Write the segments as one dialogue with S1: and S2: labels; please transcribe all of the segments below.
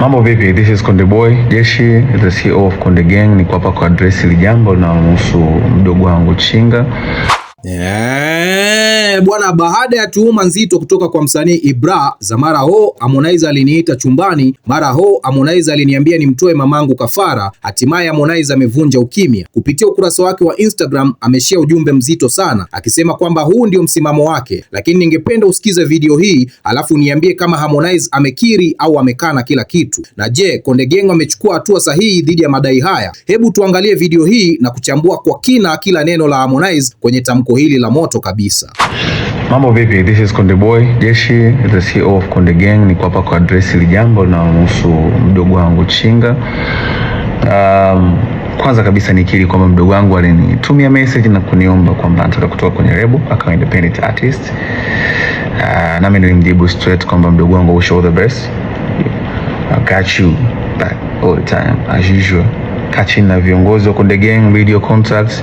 S1: Mambo vipi? This is Konde Boy Jeshi, the CEO of Konde Gang. Niko hapa kwa address hili jambo linalohusu mdogo wangu Chinga. Eee, bwana, baada ya tuhuma nzito kutoka kwa msanii Ibra za mara ho Harmonize aliniita chumbani, mara ho Harmonize aliniambia nimtoe mamangu kafara. Hatimaye Harmonize amevunja ukimya. Kupitia ukurasa wake wa Instagram ameshia ujumbe mzito sana, akisema kwamba huu ndio msimamo wake, lakini ningependa usikize video hii alafu niambie kama Harmonize amekiri au amekana kila kitu, na je, Konde Gang amechukua hatua sahihi dhidi ya madai haya? Hebu tuangalie video hii na kuchambua kwa kina kila neno la Harmonize kwenye tamko soko hili la moto kabisa. Mambo vipi? This is Konde Boy Jeshi, the CEO of Konde Gang. Niko hapa kwa address hili jambo linalohusu mdogo wangu Chinga. Um, kwanza kabisa nikiri kwamba mdogo wangu alinitumia message na kuniomba kwamba anataka kutoka kwenye lebo akawa independent artist. Uh, nami nilimjibu straight kwamba mdogo wangu, wish all the best. I'll catch you back all the time as usual. Kachini na viongozi wa Konde Gang, video contacts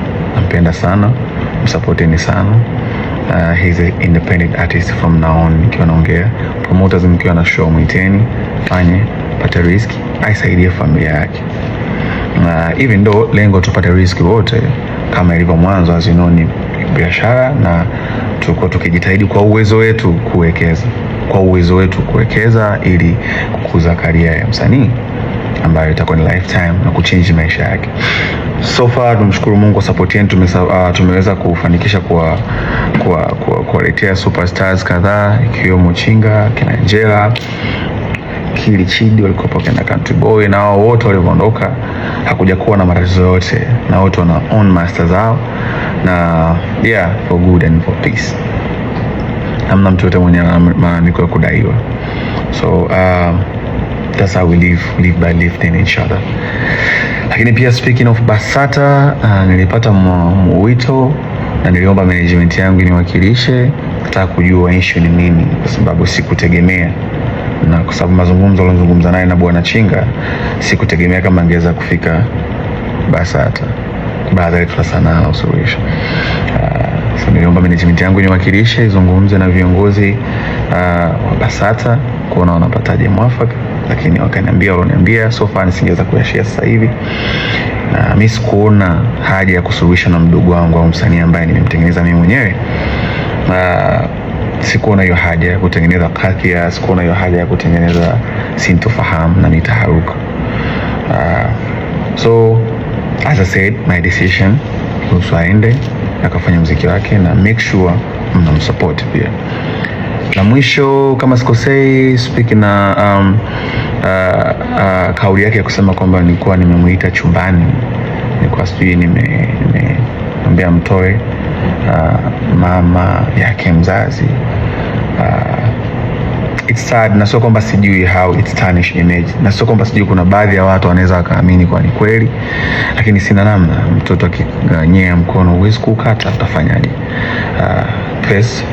S1: nampenda sana, msupporteni sana. Uh, he's an independent artist from now on. Nikiwa naongea promoters, mkiwa na show mwiteni, fanye pate riski, aisaidie familia yake, na even though lengo tupate riski wote kama ilivyo mwanzo, as you know, ni biashara na tuko tukijitahidi kwa uwezo wetu kuwekeza kwa uwezo wetu kuwekeza ili kukuza karia ya msanii ambayo itakuwa ni lifetime na kuchange maisha yake. So far tumshukuru Mungu kwa support yetu uh, tumeweza kufanikisha kwa kuwaletea superstars kadhaa ikiwemo Chinga, kina Angela, Kili Chidi walikuwa kina Country Boy na wao wote walioondoka hakuja kuwa na matatizo yote na wote wana own master zao na yeah for good and for peace. Hamna mtu yote mwenye malalamiko ya kudaiwa. So uh, that's how we live, live by lifting each other. Lakini pia speaking of BASATA uh, nilipata mwito na niliomba management yangu niwakilishe, nataka kujua issue ni nini, kwa sababu sikutegemea na kwa sababu mazungumzo alizungumza naye na bwana Chinga, sikutegemea kama angeweza kufika BASATA baada ya sanaa na usuluhisho. Uh, so niliomba management yangu niwakilishe, izungumze na viongozi uh, wa BASATA kuona wanapataje mwafaka lakini wakaniambia walioniambia, so far nisingeweza kuyashia sasa hivi, na mimi sikuona haja ya kusuluhisha na mdogo wangu au msanii ambaye nimemtengeneza mimi mwenyewe na sikuona hiyo haja ya kutengeneza kadhia, sikuona hiyo haja ya kutengeneza sintofahamu na nitaharuka Uh, so as I said my decision kuhusu aende akafanya mziki wake na make sure mnamsupport pia. Na mwisho kama sikosei, speaking na um, uh, uh, kauli yake ya kusema kwamba nilikuwa nimemuita chumbani, nilikuwa sijui nimeambia nime mtoe uh, mama yake mzazi uh, it's sad, na sio kwamba sijui how it's tarnish image, na sio kwamba sijui, kuna baadhi ya watu wanaweza wakaamini kwa ni kweli, lakini sina namna. Mtoto akinyea mkono huwezi kukata, utafanyaje? Uh, first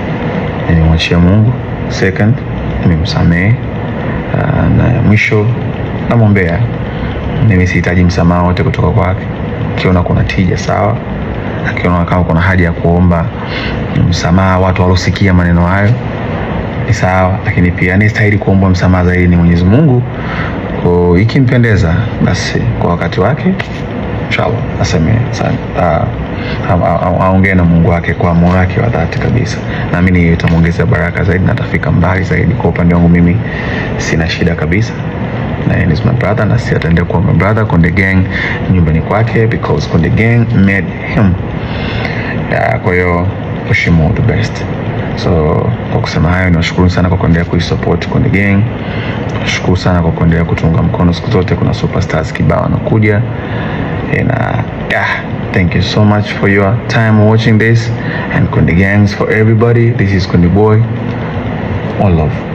S1: nimemwachia Mungu, second nimemsamehe Ah, na ya mwisho namwombea. Mimi sihitaji msamaha wote kutoka kwake. Akiona kuna tija sawa, akiona kama kuna haja ya kuomba msamaha watu walosikia maneno hayo ni sawa, lakini pia ni stahili kuomba msamaha zaidi ni Mwenyezi Mungu. Kwa ikimpendeza basi kwa wakati wake inshallah aseme ah, ah, aongee na Mungu wake kwa moyo wake wa dhati kabisa, naamini itamwongezea baraka zaidi na atafika mbali zaidi. Kwa upande wangu mimi sina shida kabisa na yeye is my brother na si ataendea kuwa my brother. Konde Gang nyumbani kwake because Konde Gang made him. yeah, Kwa hiyo Oshimo the best. So kwa kusema hayo, nashukuru sana kwa kuendelea kuisupport Konde Gang, nashukuru sana kwa kuendelea kutunga mkono siku zote. Kuna superstars kibao wanakuja na uh, yeah, thank you so much for your time watching this and Konde Gangs for everybody. This is Konde Boy, all love.